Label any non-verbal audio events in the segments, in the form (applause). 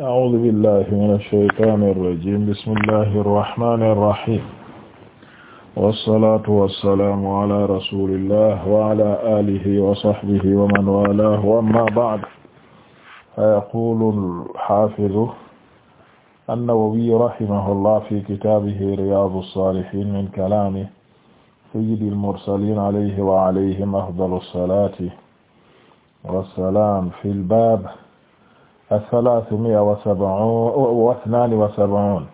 أعوذ بالله من الشيطان الرجيم بسم الله الرحمن الرحيم والصلاة والسلام على رسول الله وعلى آله وصحبه ومن والاه أما بعد فيقول الحافظ النووي رحمه الله في كتابه رياض الصالحين من كلام سيد المرسلين عليه وعليهم أفضل الصلاة والسلام في الباب الثلاثمائة واثنان وسبعون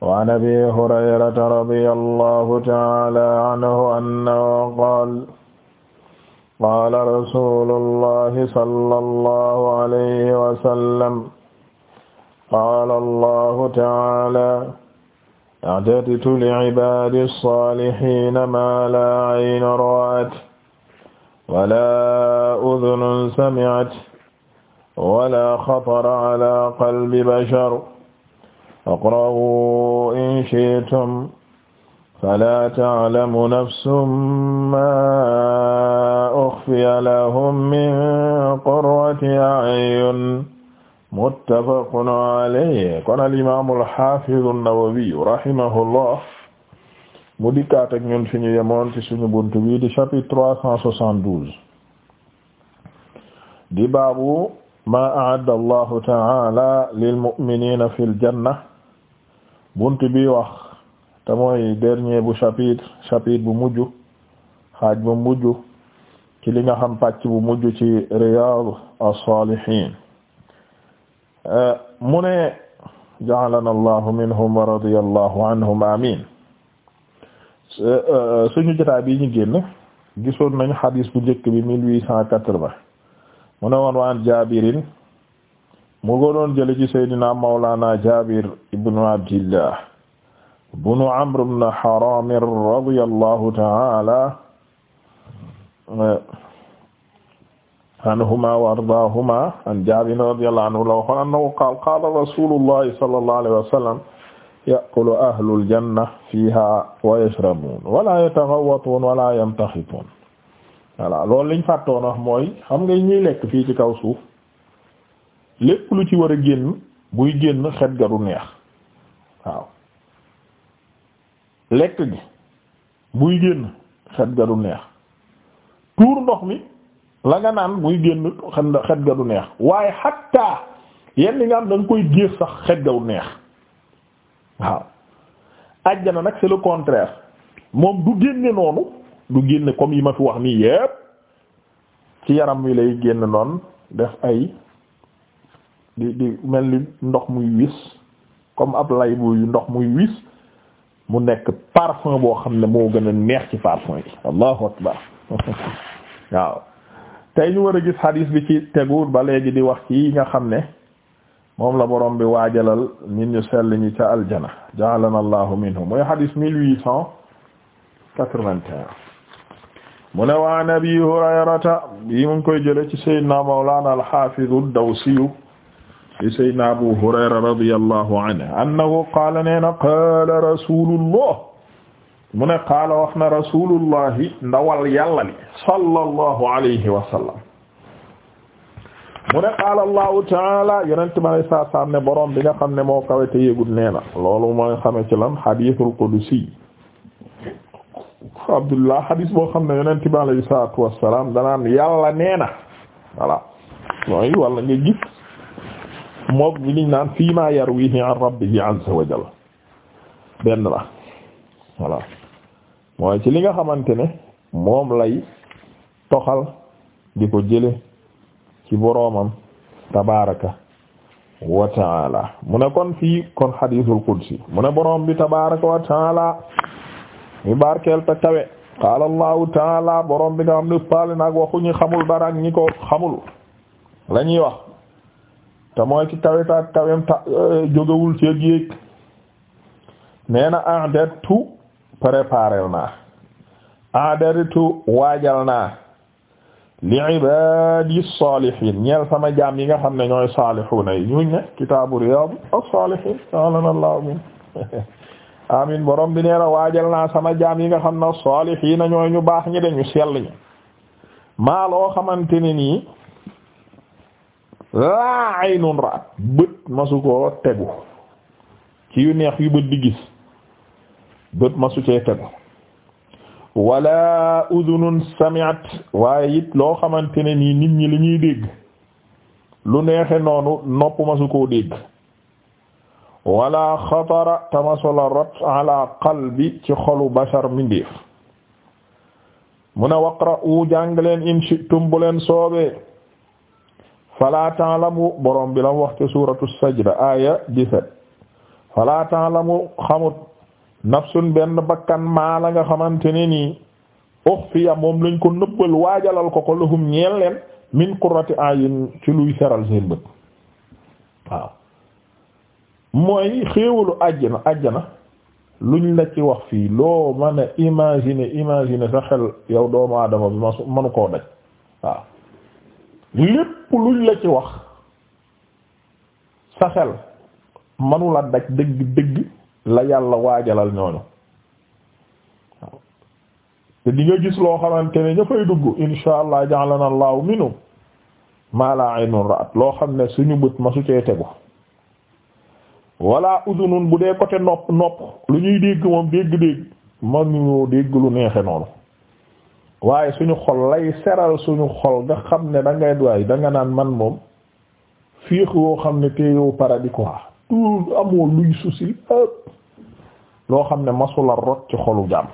وعن أبي هريرة رضي الله تعالى عنه أنه قال قال رسول الله صلى الله عليه وسلم قال الله تعالى أعددت لعبادي الصالحين ما لا عين رأت ولا أذن سمعت wala xatara ala qalbi bashar iqra'uu in shi'tum falaa ta'lamu nafsun maa uxfiya lahum min qurrati a'yun muttafaqun alayhi kon al-imaamul haafizu an-Nawawi rahimahullah mu dikkaat ak ñun fi ñu yemoon ci suñu buntu bi di chapitre 372 di baabu maa a'adda allahu ta'ala lil mu'minina fil janna bunt bi wax te mooy dernier bu chapitre chapitre bu mujj xaaj bu mujj ci li nga xam pàcc bu mujj ci riyad as-salihin mu ne ja'alana allahu minhum wa radiyallahu anhum amin suñu jotaay bi ñu génn gisoon nañu xadiis bu njëkk bi mille huit cent quatre mu ne woon waan jabirin mu ko doon jële ci seydina mawlana jabir ibnu abdillah bunu amr ibn haram radiyallahu ta'ala anhuma wa ardaahuma an jabir radiyallahu anhu law qaala annahu qaala qaala rasulullahi sallallahu alayhi wa sallam ya'kulu ahlul janna fiha wa yashrabun wa la yataghawwatun wa la yamtakhitun voilà loolu liñ fàttoon wax mooy xam nga ñuy lekk fii ci kaw suuf lépp lu ci war a génn buy génn xet ga du neex waaw lekk gi buy génn xet ga du neex tuur ndox mi la nga naan buy génn xet ga du neex waaye xatta yenn nga am da koy géex sax xet ga du neex waaw ajjana nag c'est le contraire moom du génne noonu du génn comme yi ma fi wax nii yépp ci yaram wi lay génn noonu def ay di di mel ni ndox muy wis comme ab lay buy ndox muy wis mu nekk parfum boo xam ne moo gën a neex ci parfum yi allahu akbar (laughs) waaw tey ñu war a gis hadith bi ci tegu ba léegi di wax ci yi nga xam ne moom la borom bi waajalal nit ñu sell ñi ca aljana ja'alana allahu minhum mooy hadith mille huit cent quatre-vingt-un mu ne wa an abi hurayrata yi mu ngi koy jële ci sayyidina mawlana alhafidu dawsiyu di sayyidina abu hurayra radiyallahu anhu annahu qaala nee na qaala rasulullah mu ne qaala wax na rasulullahi ndawal yàlla li sallallahu alayhi wa sallam mu ne qaala allahu taala yonent ma lay saa saam ne borom bi nga xam ne moo kawe te yëgul nee na loolu mooy xame ci lan hadithul qudsi abdullah hadis boo xam ne yonent bi alayhi salaatu wassalaam danaan yàlla nee na walla nga gis mook bi niñ naan fii ma yarwihi an rabbihi azza wa jalla benn mooy ci li nga xamante ne moom lay toxal di ko jële ci boroomam tabaraka wa mu ne kon fii kon hadithul qudsi mu ne boroom bi tabaraka wa ñu barkeel te kawe qaala allahu taala borom bi nga xam ne paale naag waxu xamul dara ak ñi ko xamul la ñuy wax te mooy ci kawe ta kawem ta euh, jógawul ci yéeg nee na a'dadtu préparel naa a'dadtu waajal naa li ibadi salihin ñeel sama jaam yi nga xam ne ñooy salihuna yi ñu ne kitaabu riyad as-salihin ta'ala Allahu min (laughs) amin boroom bi nee na waajal naa sama jaam yi nga xam na saalihiina ñooy ñu baax ñi ñu sell ñi maa loo xamante ne nii laa aynun raat bët masu koo tegu ci yu neex yu bët di gis bët masu cee tegu wala udunun sami'at waaye it loo xamante ne nii nit ñi li ñuy dégg lu neexe noonu nopp masu koo dégg wala xatara tamasola rot ala qalbi ci xolu bashar mindéef mu ne waqra u jàng leen in shi'tum bu leen soobee fala borom bi lam wax ci suratu sajda aya 17 fala ta'lamu xamut nafsun benn bakkan maa la nga xamante ni nii ukhfiya moom lañ ko nëbbal waajalal ko ko lahum ñeel leen min qurrati ayun ci luy seral seen bët mooy xéewalu àjjana lu ñu la ci wax fii loo ma a imaginer imaginer sa xel yow doomu aadama bi ma mënu koo daj waaw lépp luñ la ci wax sa xel manula daj dëgg dëgg la yàlla waajalal ñooñu waaw te di nga gis loo xamante ne ña fay dugg insha allah ja'alana allahu minhum ma la aynun loo xam ne suñu bët ma su cee tegu wala udunun bu dee côté nopp nopp lu ñuy dégg moom dégg-dégg mag ñu dégg lu neexe noonu waaye suñu xol lay seral suñu xol nga xam ne da ngay doy da naan man moom fiix woo xam ne téyow paradis quoi tout amoo luy souci loo xam ne masula rot ci xolu jàmm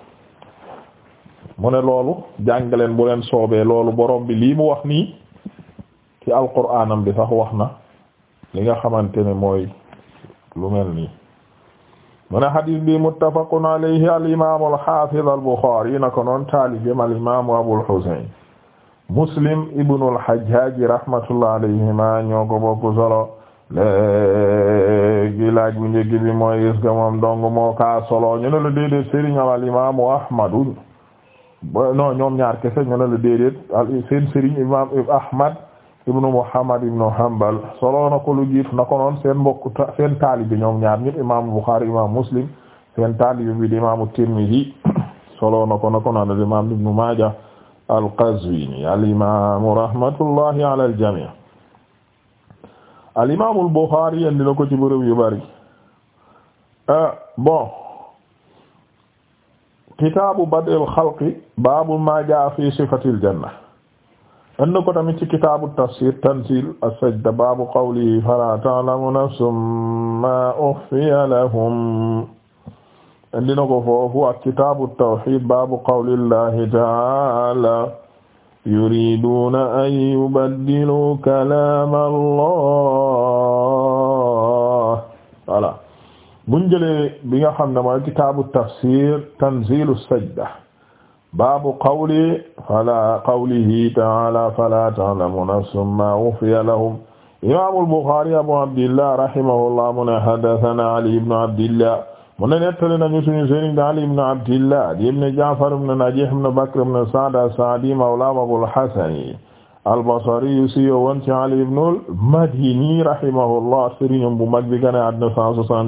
mu ne loolu jàngaleen bu leen soobee loolu boroom bi lii mu wax nii ci alquraanam bi sax wax na li nga xamante ne mooy lu mel nii mu ne bi muttafaqun alayhi al imaamu al xaafiz al buxaari na ko noon taalibeem al imaamu abul xuseyn muslim ibnu al xajjaaj rahmatullah alayhima ñoo ko bokk solo léegi laaj bu njëkk bi mooy est-ce que moom dong moo kaa solo la déedéet sëriñ al imaamu ahmadu non ñoom ñaar kese ñu ne la déedéet seen sëriñ ahmad ibnu Muhammad ibnu Hanbal solo na ko lu jiitu na ko noon seen mbokk seen taalibe ñoom ñaar ñëpp imaamu Bukhari imaamu Muslim seen taalibe bi di imaamu Tirmidhi (coughs) solo na ko na ko noon al imaam ibnu Maaja al-Qazwini al imaamu rahmatullahi ala al jamii al imaamu al Bukhari andi na ko ci bërëb yu bari ah, bon kitaabu bad'il xalqi baabu maa jaa fi sifatil janna anna ko tamit ci kitaabu tafsir tanzil as-sajda baabu qawlihi fala ta'lamu nafsun ma ukhfiya lahum andi na ko foofu ak kitaabu tawhid baabu qawlillahi ta'ala yuriduna an yubaddilu kalama allah voilà buñ jëlee bi nga xam ne mooy kitaabu tafsir tanzilu as-sajda baabu qawli fala qawlihi ta'ala fala ta'lamu nafsun ma ukhfiya lahum imaamul Buxaari abu abdillah rahimahullah mu ne haddathana Ali ibn abdillah mu ne nettali nañu suñu sëriñ Ali ibn abdillah di ibn Ja'far ibn Najiih ibn Bakr ibn Sa'd as-Sa'di mawla Abul Hasan al-Basri siyo woon ci Ali ibn al-Madini rahimahullah sëriñam bu mag bi gane àdduna 161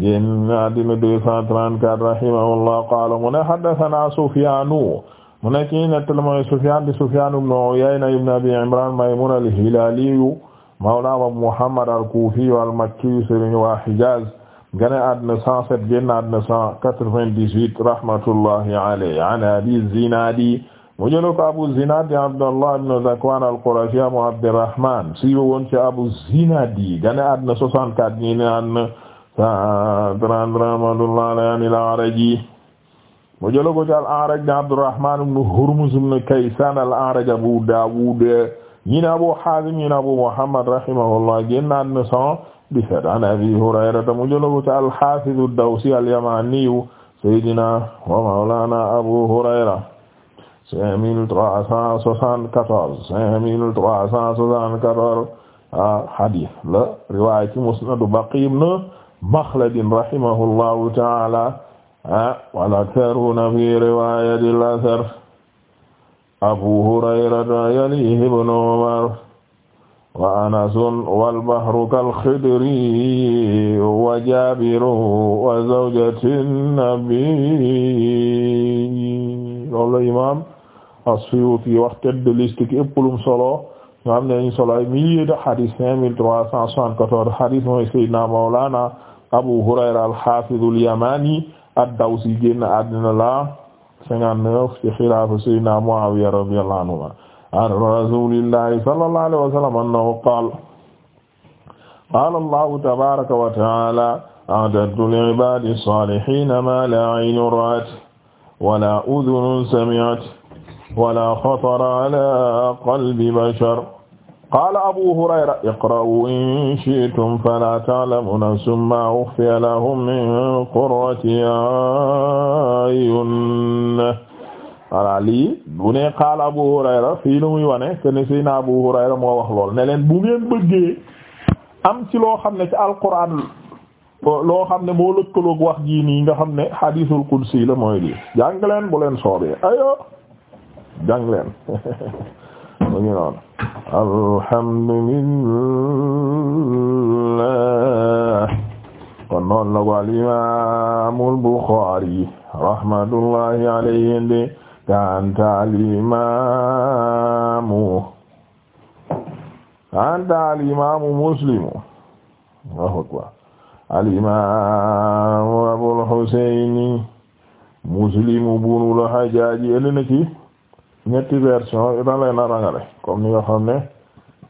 génn na àddina 234 rahimahullah qaala mu ne haddathana Sufyaanu mu ne kii nettali mooy Sufyaan di Sufyaan ibn Uyayna ibn Abi Imraan Maymuun al-Hilaaliyu mawla Abu Muhammad al-Kuufiyu al-Makkiyu sëriñ waa Hijaaz gane àddina 107 génn àddina 198 rahmatullahi alayhi an Abi Zinaadi mu jël ko Abu Zinaadi Abdallah ibn Zakwaan al-Qurashi Abu Abdirrahmaan siiwoon ci Abu Zinaadi gane àddina 64 sadran rahmatullah alay an il araj yi mu jëla ko ci al araj ne abdurrahman ibn hurmuz ibn kaysan al araj abu dawud ñi ne abu hazim ñi ne abu muhammad rahimahullah génnaan ne cent dix-sept an abi hurayrata mu jëla ko ci al hafiz ad-dawsi al yamani sayyidina wa mawlana abu hurayra cinq mille trois cent soixante-quatorze cinq mille trois cent soixante-quatorze ah, hadith la riwaaya ci musnad baqi ibn Makhladin rahimahullahu ta'ala wal aktharuuna fi riwaayatil athar Abu Hurayrata yalihi ibnu Umar wa Anasun wal bahru kal Khidri wa Jaabiru wa zawjatin Nabi loolu imaam As-Suyuuti wax tête de liste ki ëpp lu mu solo nga xam ne ñu solo ay mille de hadith cinq mille trois cent soixante-quatorze hadith mooy Sayyidina Mawlana Abu Hurayra al-Hafiz al-Yamani ad-Dawsi génn àddina la 59 ci xilaafa Sayyidina Muawiya radiyallahu anhu an rasulillahi sallallahu alayhi wa sallam annahu qaala qaala Allahu tabaaraka wa ta'aala a'dadtu li-ibaadi s-saalihiina maa laa 'aynun ra'at wa laa udhunun sami'at wa laa khatara 'alaa qalbi bashar qaala abu hurayra iqra'u in shi'tum falaa ta'lamu nafsun maa ukhfiya lahum min qurrati a'yun voilà lii bu ne qaala abu hurayra fii lu muy wane te ne sëy na abu hurayra moo wax lool ne leen bu ngeen bëggee am ci loo xam ne ci alquran loo xam ne moo lëkkaloog wax jii nii nga xam ne hadithul qudsi la mooy lii jàng leen bu leen soobee ayo jàng leen (laughs) mu ngi noonu alhamdulillah kon noonu la ko al imaamul Buxaari rahmatullahi alayhi ndi kanta al imaamu kanta al imaamu Muslim al imaamu Abul Husayni Muslim ibnul Hajjaaj ñetti version idan lay na rangale comme ni nga xam ne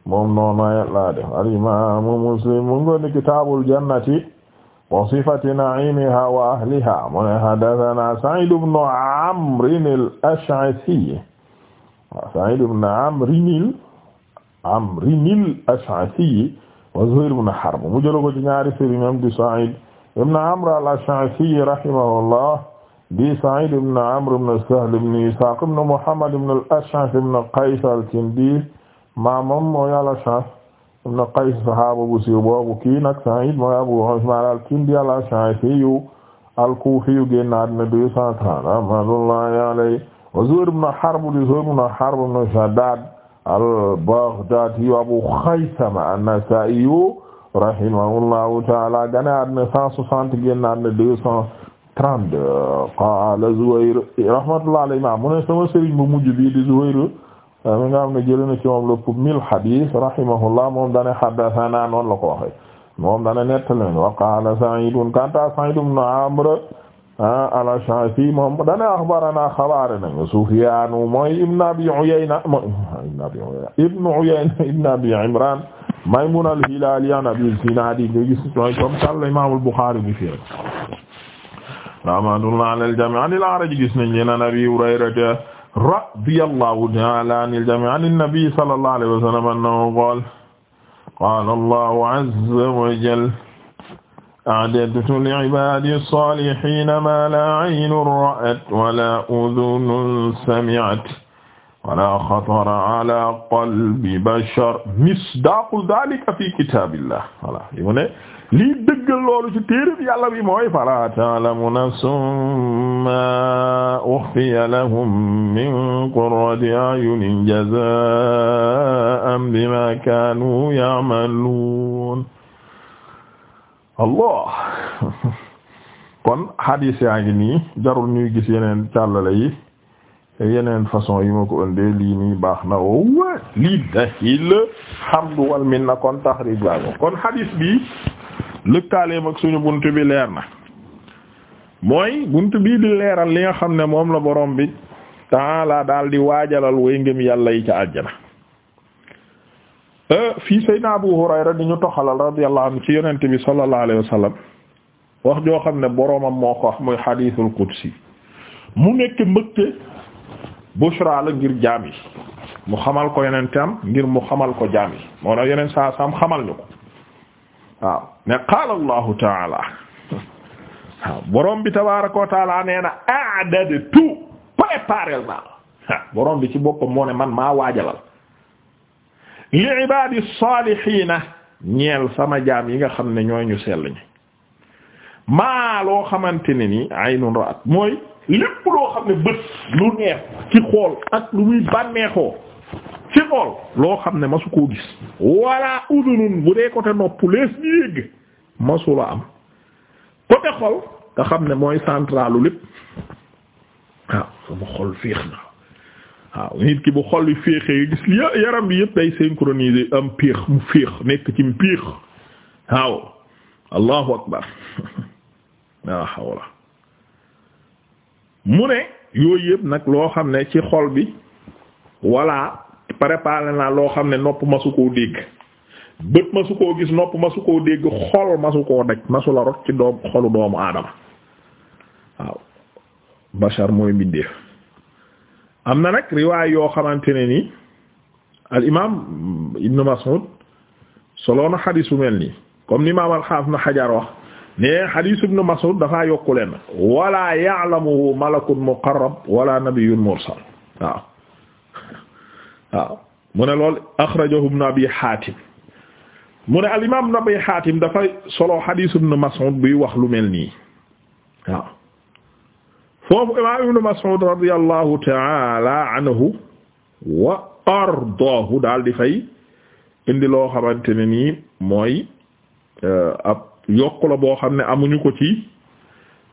moom noona la def muslim mu ngi ni kitaabul jannati wa sifati na'iimiha wa ahliha mu ne haddathana Sa'id ibn Amr al-Ash'athi Sa'id ibn Amr Amr mu jël ko ñaari sëriñam di al-Ash'athi rahimahullah di Sa'id ibn Amr ibn Sahl ibn Ishaq ibn Muhammad ibn al-Ash'ath ibn Qays al-Kindi maamam mooy al-Ash'ath ibn Qays sahaaba bu siiw boobu kii nag Sa'id mooy Abu Usman al-Kindi al-Ash'athi al-Kufi génn na àddina deux cent trente rahmatullahi alayhi wa Zuhayr ibn Harb di Zuhayr ibn Harb ibn Shaddad al-Baghdadi Abu Khaysama an-Nasa'i rahimahullahu ta'ala génn na àddina cent soixante génn na àddina deux cent 32 qaala Zuhayr rahmatullahi alayhi ma mu ne sama sëriñ bu mujj bi di Zuhayr mi nga xam ne jëlee na ci moom lépp 1000 hadith rahimahullah moom dana haddathana noonu la ko waxee moom dana nettali wa qaala Sa'id kanta Sa'id ibn Amr al-Ash'athi moom dana akhbarana xabaare nañu Sufyan mooy ibn Abi Uyayna mooy ibn Abi Uyayna ibn Uyayna ibn Abi Imran Maymun al-Hilali an Abi Zinad gis mooy comme Imam al-Bukhari bi fi rahmatullah ala aljami an il araji gis nañ leen an abi hurayrata radiyallahu ta'ala an iljami an innabi sallallahu alayhi wa sallam annahu qala qala allahu azza wa jalla a'dadtu li'ibadi as-salihina ma la aynun ra'at wa la udhunun sami'at wala xatara ala qalbi bashar misdaaqu daalika fi kitaabillah voilà li mu ne lii dëggal loolu ci téereb yàlla bi mooy fala ta'lamu nafsun ma uxfiya lahum min qurrati a'yunin jazaa'an bima kaanu ya'maluun allah (laughs) kon hadis yaa ngi nii jarul ñuy gis yeneen càllale yi yeneen façon yi ma ko ëndee lii nii baax na wa lillahil hamdu wal minna kon taxrij baa kon hadith bi lëkkaaleem ak suñu bunt bi leer na mooy bunt bii di leeral li nga xam ne moom la borom bi taala daal di waajalal way ngëm yàlla yi ca àjjana euh, fii Seydina Abu Hurayra di ñu toxalal radiyallahu anhu ci yonent bi sallallahu alayhi wa wax joo xam ne boromam moo ko wax muy hadithul qudsi mu nekk mbëkte bushra la ngir jaam yi mu xamal ko yeneen tam ngir mu xamal ko jaam yi moo tax yeneen saa saam xamal ñu ko waaw ne qaala allahu taala borom bi tabaaraka wa taala nee na a'dadtu préparel naa borom bi ci boppam moo ne man maa waajalal li ibaadi saalihiina ñeel sama jaam yi nga xam ne ñooy ñu sell ñi maa loo xamante ne nii aynun ra'at mooy. lépp loo xam ne bët lu neex ci xool ak lu muy bànneexoo ci xool loo xam ne masu ko gis walla udunun bu dee côté noppu lees bi yégg masu la am côté xol nga xam ne mooy centralu lépp waaw sama xol féex na waaw nit ki bu xol yi féexee gis li yaram bi yëpp day synchronisé am péex mu féex nekk ci mu péex waaw allahu akbar waaw (laughs) mu ne yooyu yëpp nag loo xam ne ci xol bi walla préparé naa loo xam ne nopp ma su koo dégg bët ma su koo gis nopp ma su koo dégg xol ma su koo daj ma su la rot ci doom xolu doomu aadama waaw bashar mooy mbindeef am na nag riwaay yoo xamante ne ni al imaam ibnu Mas'ud soloon na xadiis mel nii comme ni imaam al na Hajar wax ne hadith ibn Mas'ud dafaa yokku leen wala ya'lamuhu malakun muqarrab wala nabiyyun mursal waaw waaw mu ne lool akhrajahu ibn Abi Hatim mu ne al imam ibn Abi Hatim dafa solo hadith ibn Mas'ud buy wax lu mel nii waaw foofu imam ibn Mas'ud radiyallahu ta'ala anhu wa ardaahu daal di fay indi loo xamante ne nii mooy euh, ab yokku boo xam ne amuñu ko ci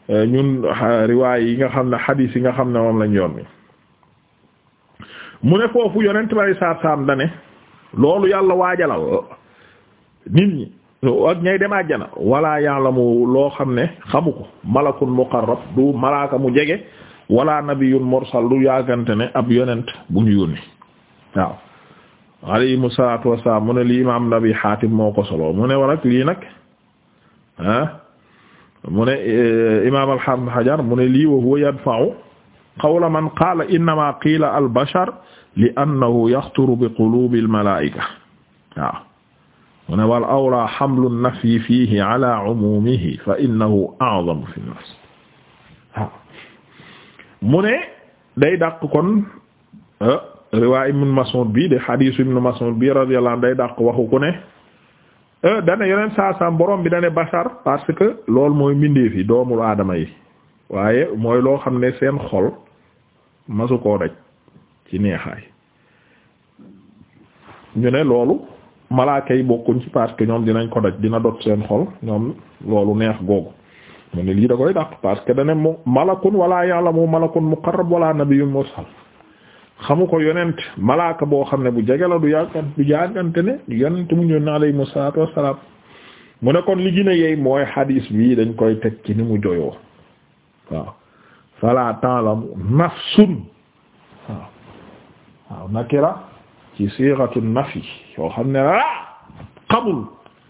eh, ñun riwaay yi nga xam ne xadiis yi nga xam ne moom lañ yoon mi mu ne foofu yonent bari saat saam dane loolu yàlla waajalal nit ñi ak ñay dem àjjana wala ya'lamu loo xam ne xamu ko malakun muqarrab du malaaka mu jege wala nabiyyun mursal du yàggante ne ab yonent bu ñu yónni waaw alayhi salaatu wassalaam mu ne li imaam Nabi Xaatim moo ko solo mu ne warak lii nag ah mu ne euh, imaam alhamd hajar mu ne lii wa huwa yadfa'u qawla man qaala innama qiila al bashar li annahu yaxturu bi quluubi al malaa'ika waaw mu ne wal awlaa hamlu nafyi fiihi ala umuumihi fa innahu a'zamu fi nafs waaw mu ne day dàq kon euh, riwaay ibn Mas'ud bi de xadiisu ibn Mas'ud bi radiyallahu anhu day dàq waxu ku ne Euh, dana yeneen saa saam borom bi dane bashar parce que loolu mooy mbindeef yi doomul aadama yi waaye mooy loo xam ne seen xol masu koo daj ci neexaay ñu ne loolu malaaka yi bokkuñ ci parce que ñoom dinañ ko daj dina dot seen xol ñoom loolu neex googu mu ne lii da koy dàq parce que dane mu malakun wala ya'lamu malakun muqarrab wala nabiyyun mursal xamu ko yonent malaaka boo xam ne bu jege la du yàggat du yàggante ne yonent mu ñëw na alayhi salaatu wassalaam mu ne kon li gën a mooy hadis bi dañ koy teg ci ni mu joyoo waaw fala ta'lamu nafsun waaw waaw nakira ci sighatu nafi yoo xam ne la xamul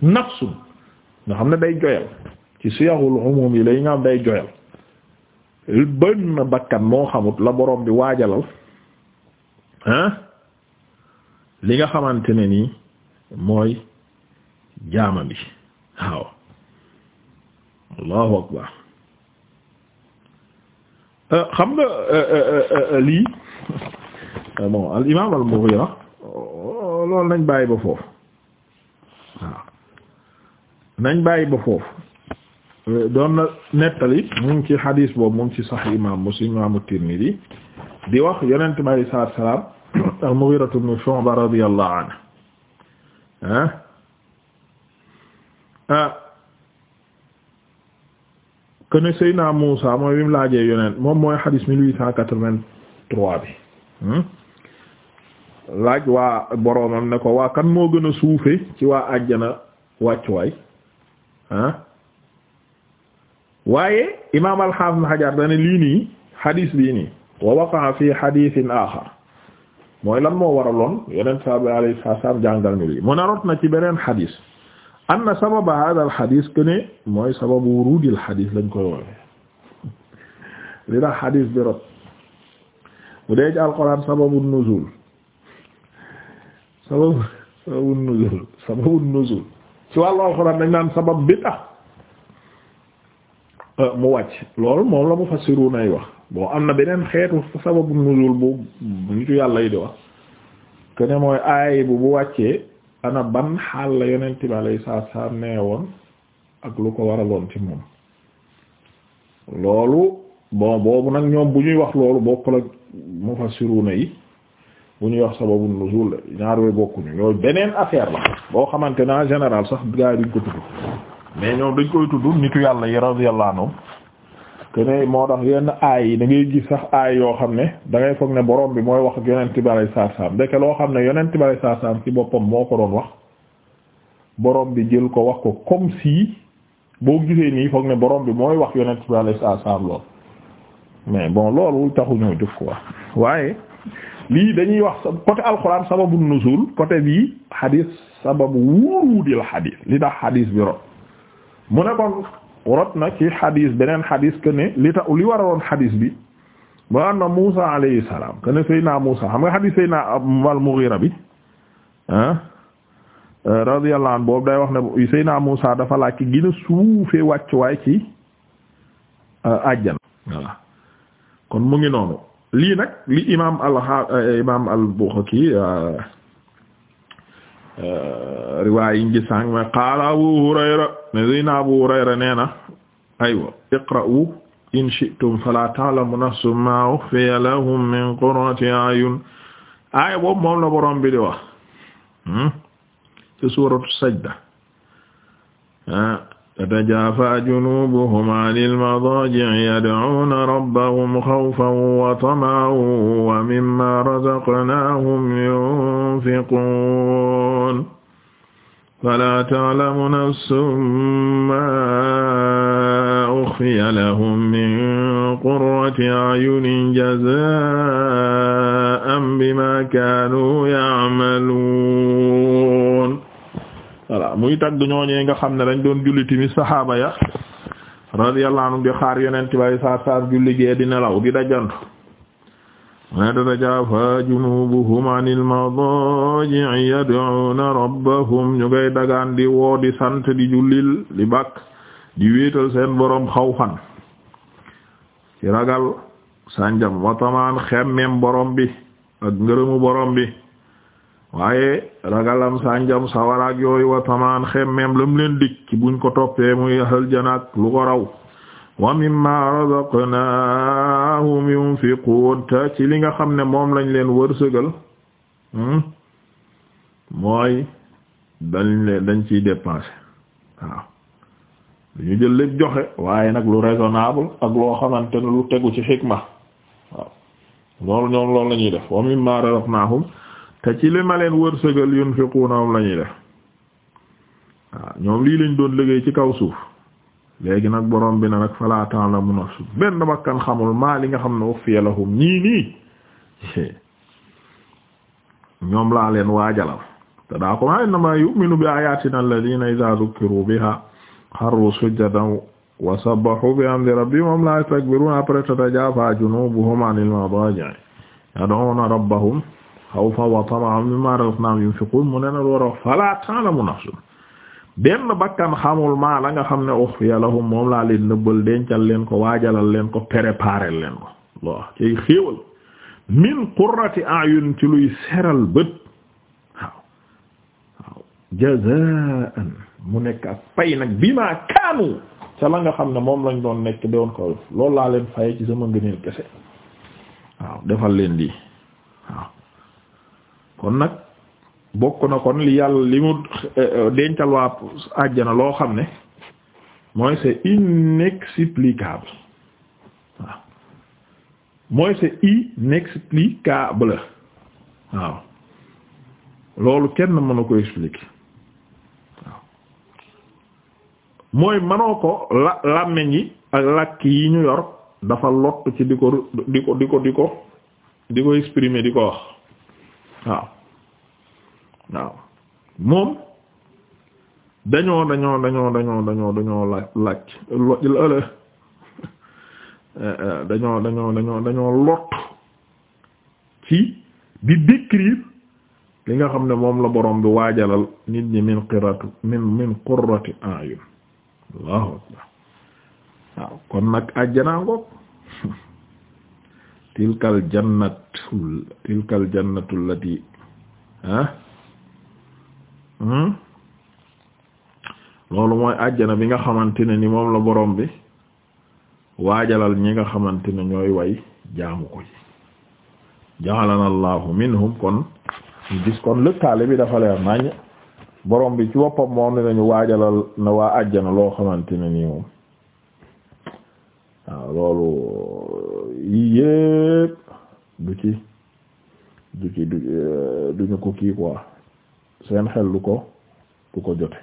nafsun nga xam ne day joyal ci sighul umum yi lay nga am day joyal benn bakkan moo xamut la borom bi waajalal ah li nga xamante ne nii mooy jaama bi waaw allahu akbar euh, xam nga euh, euh, lii bon al imaam al Mughira loolu nañ bàyyi ba foofu waaw nañ bàyyi ba foofu doon na nettali mu ngi ci xadiis boobu mu ci Sahih imaam Muslim imaam Tirmidhi di wax yonent bi alayhi salaatu salaam al-Mughiratu ibn Shu'ba radiyallahu anhu ah ah Muusa mooy bi mu laajee yonent moom mooy xadis mille huit cent quatre-vingt-trois bi hmm? laaj waa boroomam ne ko waa kan moo gën a suufe ci waa àjjana wàccuwaay ah waaye imaam al-Haafiz Hajar lii nii xadis bii nii wa waqaa fi hadithin axar mooy lan moo waraloon yeneen saa bi alayhi salaam jàngal ñu lii mu ne rot na ci beneen hadith anna sababa hadha al hadith que ne mooy sababu wurudil hadith lañ koy woowe li tax hadith bi rot bu dee ci alquran sababu nuzul sababu sababu nuzul sababu nuzul ci wàllu alquran dañ naan sabab bi Euh, mu wàcc loolu moom la mu fassiru nay wax bon am na beneen xeetu sababu nuzul bu nit yàlla yi di wax que mooy aay bu bu wàccee ana ban xaal la yonent bi alayhi salaatu salaam nee woon ak lu ko waraloon ci moom loolu bon boobu nag ñoom bu ñuy wax loolu bokkul ak mufassiruna yi bu ñuy wax sababu nuzul ñaar yooyu bokkuñu yooyu beneen affaire la boo xamante ne général sax gaa yi ko mais ñoom dañ koy tudd nitu yàlla yi radiyallahu anhum te moo tax yenn aay yi da ngay gis sax aay yoo xam ne dangay foog ne borom bi mooy wax ak yonent bi alayhi salaam ndeke loo xam ne yonent bi alayhi salaam ci boppam moo ko doon wax borom bi jël ko wax ko comme si boo gisee nii foog ne borom bi mooy wax yeneen bi alayhi salaam lool mais bon loolu taxu ñoo jóg quoi waaye lii dañuy wax côté alxuraan sababu nuzul côté bii xadis sababu wuruudil xadis li tax mu ne kon rot na ci xadis beneen xadis que ne li ta li waraloon xadis bi moo am na Musa alayhi salaam que ne Seyna Musa xam nga xadis Seyna al-Mughira bi ah euh, wax ne Seyna Musa dafa laaj ki gën a suufee wàccuwaay ci euh, àjjana voilà kon mu ngi noonu lii nag li imaam al imaam al-Bukhari euh, Euh, riwaay yi ngi sàng ma qaala Abu Hurayra ne sayna Abu Hurayra nee na aywa iqra'u in shi'tum fala ta'lamu nafsun ma ukhfiya lahum min qurrati a'yun aaya boobu moom la borom bi di wax hmm, ci suuratu sajda tatajaafa junubuhum anil madaaji'i yad'uuna rabbahum xawfan wa tama'an wa mimmaa razaqnaahum yunfiquun falaa ta'lamu nafsun maa ukhfiya lahum min qurrati a'yunin jazaa'an bimaa kaanuu ya'maluun voilà muy tagg ñooñee nga xam ne dañ doon julli timis saxaaba ya radiyallahu anhum di xaar yonent bay saar saar julli gee di nelaw di dajantu mu ne tatajaafa junubuhum ñu ngay dagaan di woo di sant di jullil di bàkk di wéetal seen boroom xawfan ci ragal sànjam watamaan xemmem boroom bi ak ngërëmu boroom bi waaye ragalam sànjam sawaraak yooyu wa tamaan la lam leen dik buñ ko toppee muy aljanaak lu ko raw wa mimma razaqnaahum yunfiqun te ci li nga xam ne moom lañ leen wërsëgal hmm, mooy dañ leen dañ ciy dépenser waaw lu ñu jël lépp joxe waaye nag lu raisonnable ak loo xamante ne lu tegu ci xikma waaw loolu ñoom loolu la def wa mimma razaqnaahum te ci li ma leen wërsëgal yunfiquuna moom la ñuy def ñoom lii lañ doon liggéey ci kaw suuf léegi nag borom bi na nag falaa ta'lamu nafsun benn bakkan xamul maa li nga xam ne ukhfiya lahum ñii nii ñoom laa leen waajalal te daa ko maa innamaa yu'minu bi ayatina alladhina idha dhukiru biha xarru sujjadan wa sabbahu bi hum laa yastakbiruna après tatajaafaa rabbahum xaw wa tama'an mu ne na war a wax falaa benn bakkan xamul maa la nga xam ne ukhfiya lahum moom laa leen nëbbal dencal leen ko waajalal leen ko préparer leen ko waaw cay xéewal min nekk ak pay nag bimaa xam ne moom lañ doon nekk doon ko loolu laa leen faye ci sama ngëneel kese waaw defal leen lii waaw kon nag bokk na kon li yàlla li mu eh, eh, dencal waa àjjana loo xam ne mooy c'est inexplicable waaw mooy c'est inexplicable waaw loolu kenn mënu ko expliquer waaw mooy manoo ko la làmmiñ yi ak làkk yi ñu yor dafa lott ci di ko di ko di ko di ko di ko exprimer di ko wax waaw waaw moom dañoo dañoo dañoo dañoo dañoo dañoo laaj laaj (laughs) eh, eh, dañoo dañoo dañoo dañoo lott ci di décrire li nga xam ne moom la boroom bi waajalal nit ñi min qiratu min min qurrati ayun waaw kon nag àjjanaa ngoog (laughs) tilkal jannatu tilkal jannatu allati ah hmm? loolu mooy àjjana bi nga xamante ne ni moom la borom bi waajalal ñi nga xamante ne ñooy way jaamu ko ci allahu minhum kon ñu gis kon lëkkaale bi dafa leer nañ borom bi ci boppam moom ne nañu waajalal na waa àjjana loo xamante ne nii moom waaw loolu yii yépp du ci du ci euh, duñu ko kii quoi seen xel du ko du ko jote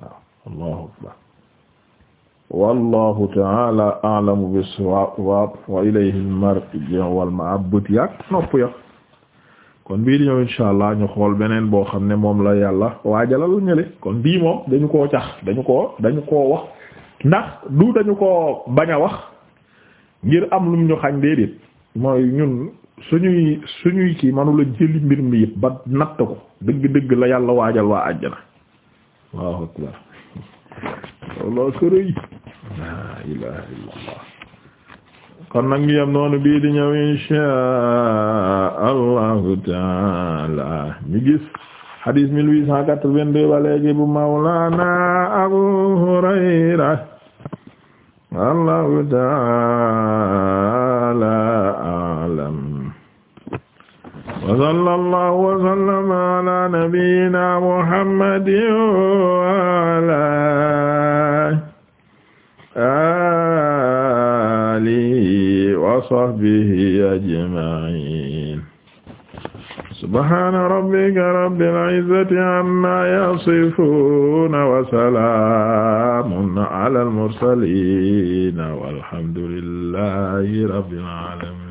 waaw allahu akbar wallahu taala a'lamu bis-sawab wa ilayhi al-marji'u wal ma'ab bët yaak nopp ya kon bii di ñëw insha allah ñu xool beneen boo xam ne moom la yàlla waajalal ñële kon bii moom dañu koo cax dañu koo dañu koo wax ndax du dañu koo bañ wax ngir am lum ñu xañ déedéet mooy ñun suñuy suñuy kii manula jëli mbir mi yëpp ba natt ko dëgg-dëgg la yàlla waajal waa àjjana waaw akbar walla sërëy laa ilaha illallah kon nag ñu yem noonu bii di ñëw insha allahu taala ñu gis hadith 1882 ba léegi bu mawlana abu hurayra Allahu ta'ala a'lam wa sallallahu wa sallama ala nabiyyina Muhammadin wa ala alihi wa sahbihi ajma'in subhaana rabbika rabbil izzati amma yasifuuna wa salaamun alal mursaliina walhamdu lillaahi rabbil aalamiin